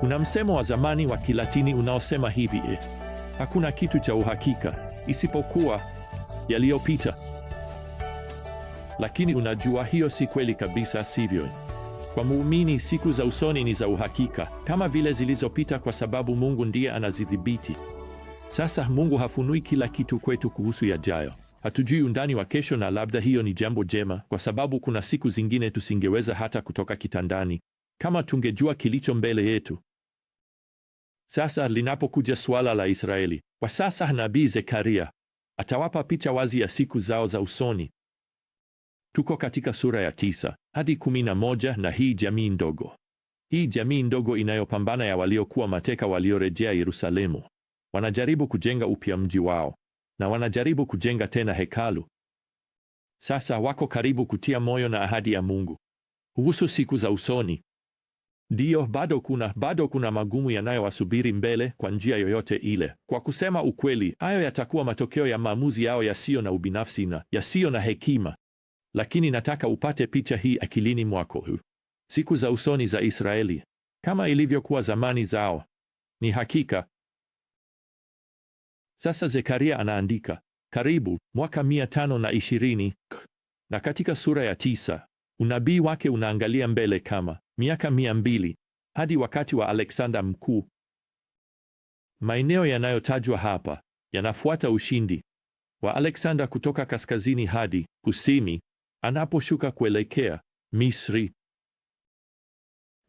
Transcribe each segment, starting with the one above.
Kuna msemo wa zamani wa Kilatini unaosema hivi e, hakuna kitu cha uhakika isipokuwa yaliyopita. Lakini unajua hiyo si kweli kabisa, sivyo? Kwa muumini siku za usoni ni za uhakika kama vile zilizopita, kwa sababu Mungu ndiye anazidhibiti. Sasa Mungu hafunui kila kitu kwetu kuhusu yajayo. Hatujui undani wa kesho, na labda hiyo ni jambo jema, kwa sababu kuna siku zingine tusingeweza hata kutoka kitandani kama tungejua kilicho mbele yetu. Sasa linapokuja suala la Israeli, kwa sasa nabii Zekaria atawapa picha wazi ya siku zao za usoni. Tuko katika sura ya tisa hadi kumi na moja na hii jamii ndogo hii jamii ndogo inayopambana ya waliokuwa mateka waliorejea Yerusalemu wanajaribu kujenga upya mji wao na wanajaribu kujenga tena hekalu. Sasa wako karibu kutia moyo na ahadi ya Mungu kuhusu siku za usoni. Ndiyo, bado kuna bado kuna magumu yanayowasubiri mbele kwa njia yoyote ile. Kwa kusema ukweli, hayo yatakuwa matokeo ya maamuzi yao yasiyo na ubinafsi na yasiyo na hekima. Lakini nataka upate picha hii akilini mwako. Siku za usoni za Israeli, kama ilivyokuwa zamani zao, ni hakika. Sasa Zekaria anaandika karibu mwaka mia tano na ishirini na katika sura ya tisa Unabii wake unaangalia mbele kama miaka mia mbili hadi wakati wa Alexander Mkuu. Maeneo yanayotajwa hapa yanafuata ushindi wa Alexander kutoka kaskazini hadi kusini anaposhuka kuelekea Misri.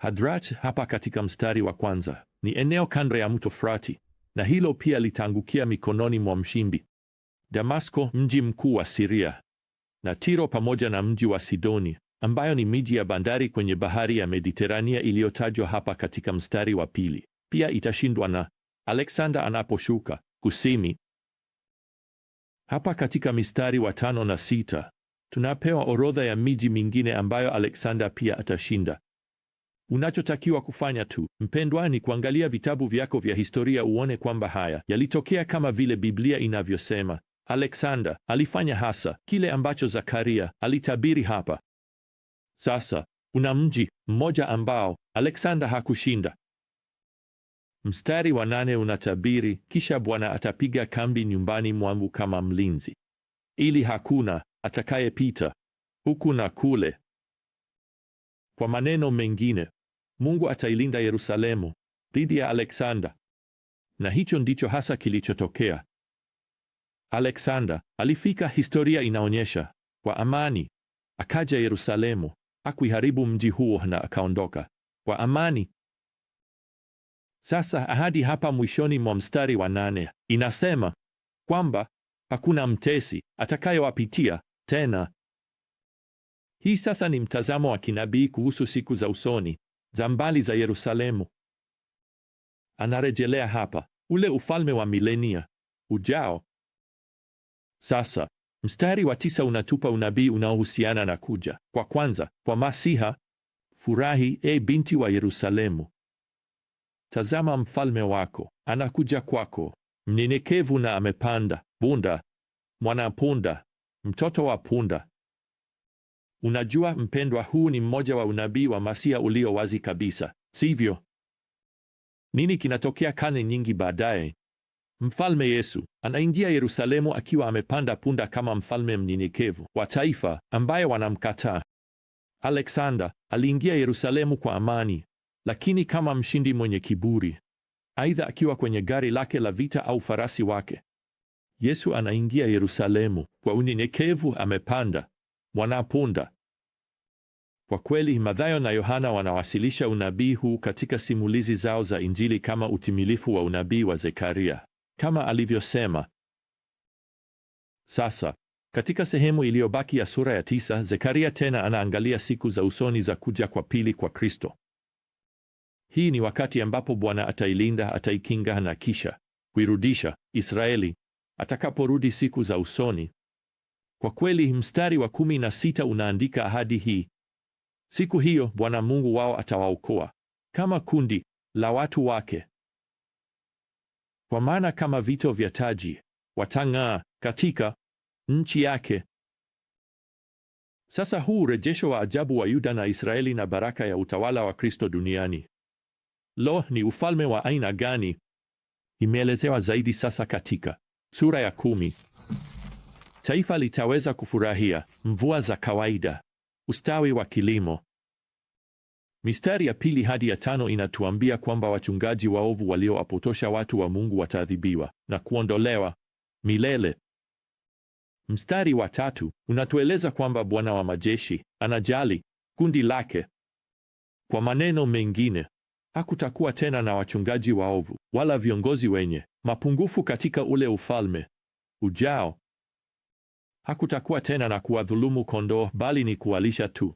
Hadrat hapa katika mstari wa kwanza ni eneo kando ya mto Frati, na hilo pia litaangukia mikononi mwa mshindi. Damasko, mji mkuu wa Siria, na Tiro pamoja na mji wa Sidoni ambayo ni miji ya bandari kwenye bahari ya Mediterania iliyotajwa hapa katika mstari wa pili, pia itashindwa na Alexander anaposhuka kusini. Hapa katika mistari wa tano na sita tunapewa orodha ya miji mingine ambayo Alexander pia atashinda. Unachotakiwa kufanya tu mpendwa, ni kuangalia vitabu vyako vya historia uone kwamba haya yalitokea kama vile Biblia inavyosema. Alexander alifanya hasa kile ambacho Zakaria alitabiri hapa. Sasa una mji mmoja ambao Alexander hakushinda. Mstari wa nane unatabiri, kisha Bwana atapiga kambi nyumbani mwangu kama mlinzi, ili hakuna atakayepita huku na kule. Kwa maneno mengine, Mungu atailinda Yerusalemu dhidi ya Alexander, na hicho ndicho hasa kilichotokea. Alexander alifika, historia inaonyesha, kwa amani, akaja Yerusalemu hakuiharibu mji huo na akaondoka kwa amani. Sasa ahadi hapa mwishoni mwa mstari wa nane inasema kwamba hakuna mtesi atakayowapitia tena. Hii sasa ni mtazamo wa kinabii kuhusu siku za usoni za mbali za Yerusalemu. Anarejelea hapa ule ufalme wa milenia ujao. Sasa Mstari wa tisa unatupa unabii unaohusiana na kuja kwa kwanza kwa Masiha. Furahi e binti wa Yerusalemu, tazama mfalme wako anakuja kwako, mnyenyekevu na amepanda punda, mwanapunda, mtoto wa punda. Unajua mpendwa, huu ni mmoja wa unabii wa Masiha ulio wazi kabisa, sivyo? Nini kinatokea kane nyingi baadaye? Mfalme Yesu anaingia Yerusalemu akiwa amepanda punda kama mfalme mnyenyekevu wa taifa ambaye wanamkataa. Alexander aliingia Yerusalemu kwa amani, lakini kama mshindi mwenye kiburi, aidha akiwa kwenye gari lake la vita au farasi wake. Yesu anaingia Yerusalemu kwa unyenyekevu, amepanda mwanapunda. Kwa kweli Mathayo na Yohana wanawasilisha unabii huu katika simulizi zao za Injili kama utimilifu wa unabii wa Zekaria kama alivyosema. Sasa katika sehemu iliyobaki ya sura ya tisa, Zekaria tena anaangalia siku za usoni za kuja kwa pili kwa Kristo. Hii ni wakati ambapo Bwana atailinda, ataikinga na kisha kuirudisha Israeli atakaporudi siku za usoni. Kwa kweli, mstari wa kumi na sita unaandika ahadi hii: siku hiyo Bwana Mungu wao atawaokoa kama kundi la watu wake kwa maana kama vito vya taji watang'aa katika nchi yake. Sasa huu urejesho wa ajabu wa Yuda na Israeli na baraka ya utawala wa Kristo duniani, lo, ni ufalme wa aina gani? Imeelezewa zaidi sasa katika sura ya kumi. Taifa litaweza kufurahia mvua za kawaida, ustawi wa kilimo, Mistari ya pili hadi ya tano inatuambia kwamba wachungaji waovu waliowapotosha watu wa Mungu wataadhibiwa na kuondolewa milele. Mstari wa tatu unatueleza kwamba Bwana wa majeshi anajali kundi lake. Kwa maneno mengine, hakutakuwa tena na wachungaji waovu wala viongozi wenye mapungufu katika ule ufalme ujao. Hakutakuwa tena na kuwadhulumu kondoo, bali ni kuwalisha tu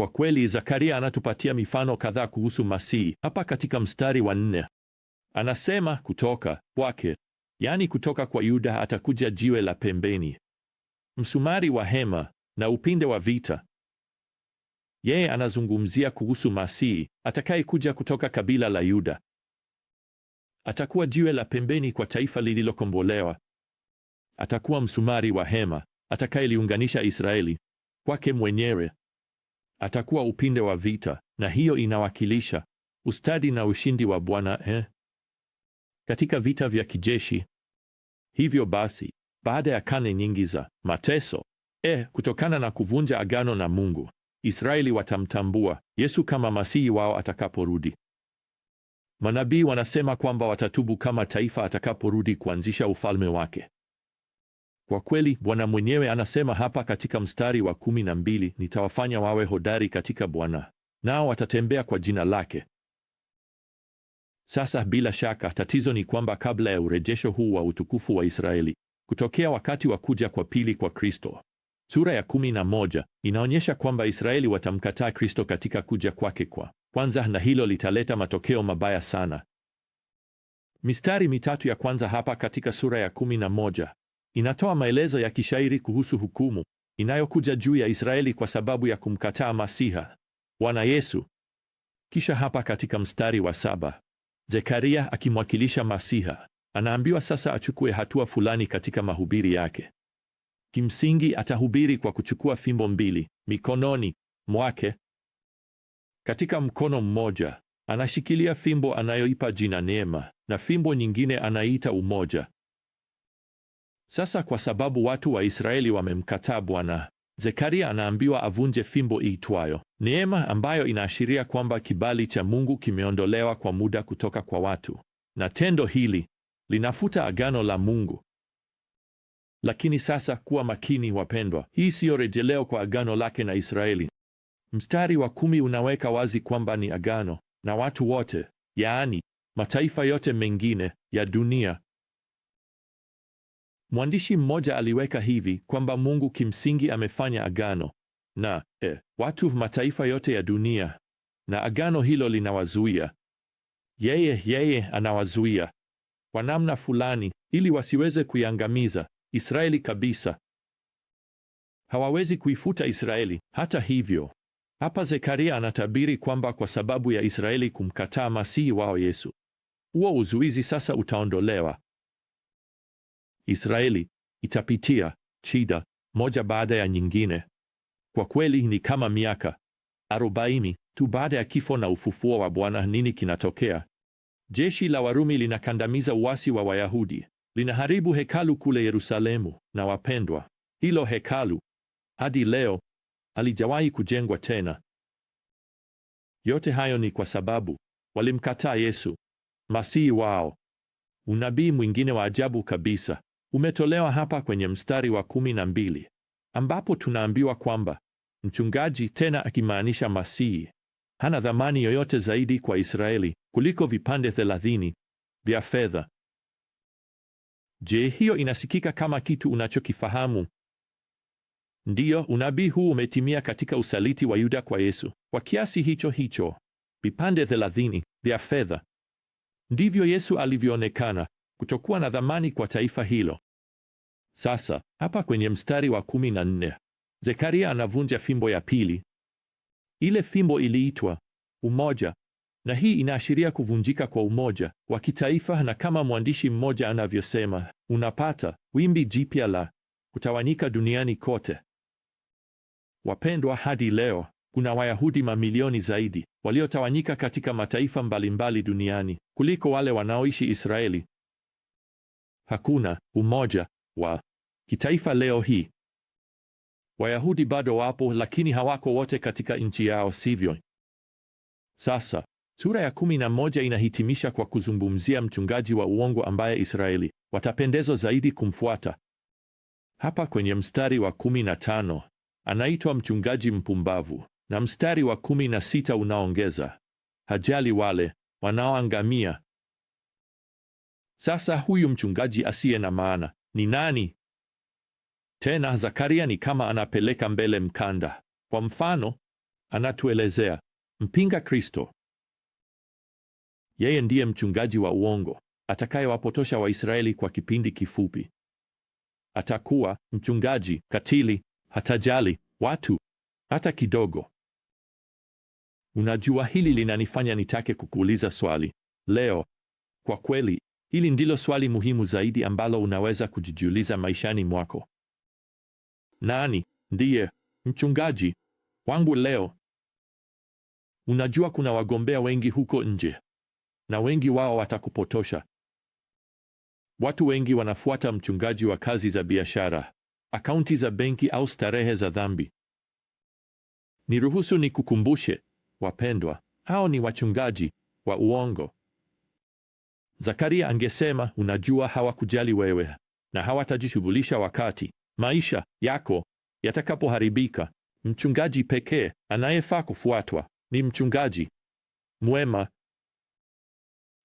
kwa kweli Zakaria anatupatia mifano kadhaa kuhusu Masihi. Hapa katika mstari wa nne anasema kutoka kwake, yani kutoka kwa Yuda atakuja jiwe la pembeni, msumari wa hema na upinde wa vita. Yeye anazungumzia kuhusu Masihi atakayekuja kutoka kabila la Yuda. Atakuwa jiwe la pembeni kwa taifa lililokombolewa. Atakuwa msumari wa hema atakayeliunganisha Israeli kwake mwenyewe atakuwa upinde wa vita, na hiyo inawakilisha ustadi na ushindi wa Bwana eh, katika vita vya kijeshi. Hivyo basi, baada ya karne nyingi za mateso eh, kutokana na kuvunja agano na Mungu, Israeli watamtambua Yesu kama masihi wao atakaporudi. Manabii wanasema kwamba watatubu kama taifa atakaporudi kuanzisha ufalme wake. Kwa kweli Bwana mwenyewe anasema hapa katika mstari wa kumi na mbili, nitawafanya wawe hodari katika Bwana nao watatembea kwa jina lake. Sasa bila shaka tatizo ni kwamba kabla ya urejesho huu wa utukufu wa Israeli kutokea wakati wa kuja kwa pili kwa Kristo, sura ya kumi na moja inaonyesha kwamba Israeli watamkataa Kristo katika kuja kwake kwa kwanza, na hilo litaleta matokeo mabaya sana. Mistari mitatu ya kwanza hapa katika sura ya kumi na moja Inatoa maelezo ya kishairi kuhusu hukumu inayokuja juu ya Israeli kwa sababu ya kumkataa Masiha Bwana Yesu. Kisha hapa katika mstari wa saba, Zekaria akimwakilisha Masiha anaambiwa sasa achukue hatua fulani katika mahubiri yake. Kimsingi atahubiri kwa kuchukua fimbo mbili mikononi mwake. Katika mkono mmoja anashikilia fimbo anayoipa jina Neema na fimbo nyingine anaiita Umoja. Sasa kwa sababu watu wa Israeli wamemkataa Bwana, Zekaria anaambiwa avunje fimbo iitwayo neema, ambayo inaashiria kwamba kibali cha Mungu kimeondolewa kwa muda kutoka kwa watu, na tendo hili linafuta agano la Mungu. Lakini sasa kuwa makini wapendwa, hii siyo rejeleo kwa agano lake na Israeli. Mstari wa kumi unaweka wazi kwamba ni agano na watu wote, yaani mataifa yote mengine ya dunia Mwandishi mmoja aliweka hivi kwamba Mungu kimsingi amefanya agano na eh, watu mataifa yote ya dunia, na agano hilo linawazuia yeye yeye anawazuia kwa namna fulani, ili wasiweze kuiangamiza Israeli kabisa. Hawawezi kuifuta Israeli. Hata hivyo, hapa Zekaria anatabiri kwamba kwa sababu ya Israeli kumkataa Masihi wao Yesu, huo uzuizi sasa utaondolewa. Israeli itapitia shida moja baada ya nyingine. Kwa kweli ni kama miaka arobaini tu baada ya kifo na ufufuo wa Bwana. Nini kinatokea? Jeshi la Warumi linakandamiza uasi wa Wayahudi, linaharibu hekalu kule Yerusalemu. Na wapendwa, hilo hekalu hadi leo alijawahi kujengwa tena. Yote hayo ni kwa sababu walimkataa Yesu Masihi wao. Unabii mwingine wa ajabu kabisa umetolewa hapa kwenye mstari wa kumi na mbili ambapo tunaambiwa kwamba mchungaji, tena akimaanisha Masihi, hana dhamani yoyote zaidi kwa Israeli kuliko vipande thelathini vya fedha. Je, hiyo inasikika kama kitu unachokifahamu? Ndiyo, unabii huu umetimia katika usaliti wa Yuda kwa Yesu kwa kiasi hicho hicho. Vipande thelathini vya fedha ndivyo Yesu alivyoonekana kutokuwa na dhamani kwa taifa hilo. Sasa hapa kwenye mstari wa kumi na nne Zekaria anavunja fimbo ya pili. Ile fimbo iliitwa umoja, na hii inaashiria kuvunjika kwa umoja wa kitaifa, na kama mwandishi mmoja anavyosema, unapata wimbi jipya la kutawanyika duniani kote. Wapendwa, hadi leo kuna Wayahudi mamilioni zaidi waliotawanyika katika mataifa mbalimbali duniani kuliko wale wanaoishi Israeli hakuna umoja wa kitaifa leo hii. Wayahudi bado wapo, lakini hawako wote katika nchi yao, sivyo? Sasa sura ya kumi na moja inahitimisha kwa kuzungumzia mchungaji wa uongo ambaye Israeli watapendezwa zaidi kumfuata. Hapa kwenye mstari wa kumi na tano anaitwa mchungaji mpumbavu, na mstari wa kumi na sita unaongeza hajali wale wanaoangamia. Sasa huyu mchungaji asiye na maana ni nani? Tena Zakaria ni kama anapeleka mbele mkanda. Kwa mfano, anatuelezea mpinga Kristo. Yeye ndiye mchungaji wa uongo atakayewapotosha Waisraeli kwa kipindi kifupi. Atakuwa mchungaji katili, hatajali watu hata kidogo. Unajua, hili linanifanya nitake kukuuliza swali leo. Kwa kweli, Hili ndilo swali muhimu zaidi ambalo unaweza kujijiuliza maishani mwako. Nani ndiye mchungaji wangu leo? Unajua kuna wagombea wengi huko nje na wengi wao watakupotosha. Watu wengi wanafuata mchungaji wa kazi za biashara, akaunti za benki au starehe za dhambi. Niruhusu nikukumbushe, wapendwa, hao ni wachungaji wa uongo. Zakaria angesema, unajua, hawakujali wewe na hawatajishughulisha wakati maisha yako yatakapoharibika. Mchungaji pekee anayefaa kufuatwa ni mchungaji mwema.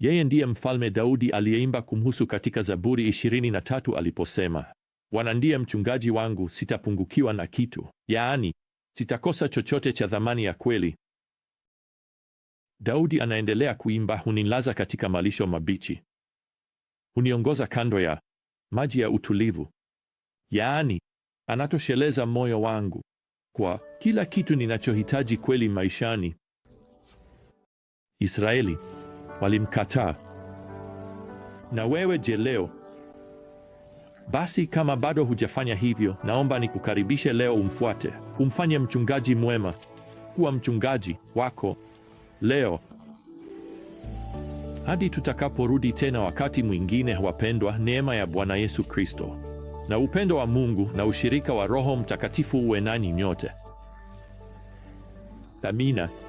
Yeye ndiye Mfalme Daudi aliyeimba kumhusu katika Zaburi 23 aliposema, Bwana ndiye mchungaji wangu, sitapungukiwa na kitu, yaani sitakosa chochote cha thamani ya kweli. Daudi anaendelea kuimba, hunilaza katika malisho mabichi, huniongoza kando ya maji ya utulivu. Yaani, anatosheleza moyo wangu kwa kila kitu ninachohitaji kweli maishani. Israeli walimkataa. Na wewe je, leo? Basi kama bado hujafanya hivyo, naomba nikukaribishe leo umfuate, umfanye mchungaji mwema kuwa mchungaji wako leo. Hadi tutakaporudi tena wakati mwingine, wapendwa, neema ya Bwana Yesu Kristo na upendo wa Mungu na ushirika wa Roho Mtakatifu uwe nanyi nyote. Amina.